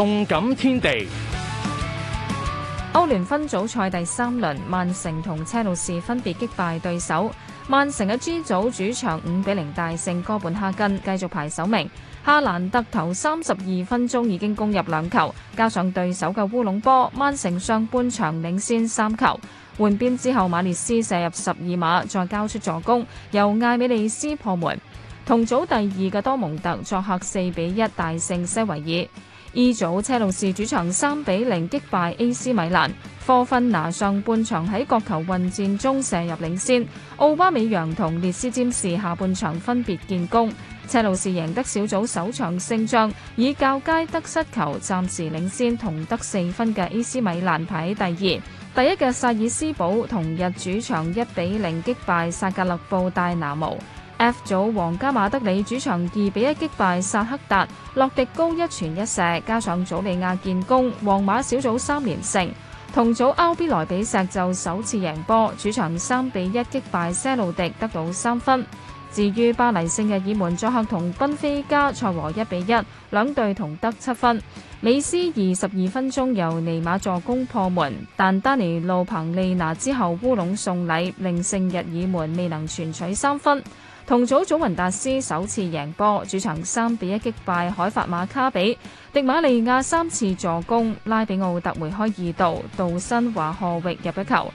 動感天地，歐聯分組賽第三輪，曼城同車路士分別擊敗對手。曼城喺 G 組主場五比零大勝哥本哈根，繼續排首名。哈蘭特頭三十二分鐘已經攻入兩球，加上對手嘅烏龍波，曼城上半場領先三球。換邊之後，馬列斯射入十二碼，再交出助攻，由艾美利斯破門。同組第二嘅多蒙特作客四比一大勝西維爾。E 組車路士主場三比零擊敗 AC 米蘭，科芬拿上半場喺國球混戰中射入領先，奧巴美揚同列斯詹士下半場分別建功，車路士贏得小組首場勝仗，以較佳得失球暫時領先同得四分嘅 AC 米蘭排喺第二，第一嘅薩爾斯堡同日主場一比零擊敗薩格勒布戴拿姆。F 組皇家馬德里主場二比一擊敗薩克達，洛迪高一傳一射，加上祖利亞建功，皇馬小組三連勝。同組 RB 萊比錫就首次贏波，主場三比一擊敗些路迪，得到三分。至於巴黎聖日耳門，作客同賓菲加賽和一比一，兩隊同得七分。美斯二十二分鐘由尼馬助攻破門，但丹尼路彭利拿之後烏龍送禮，令聖日耳門未能全取三分。同組祖雲達斯首次贏波，主場三比一擊敗海法馬卡比。迪馬利亞三次助攻，拉比奧特梅開二度，杜森華賀域入一球。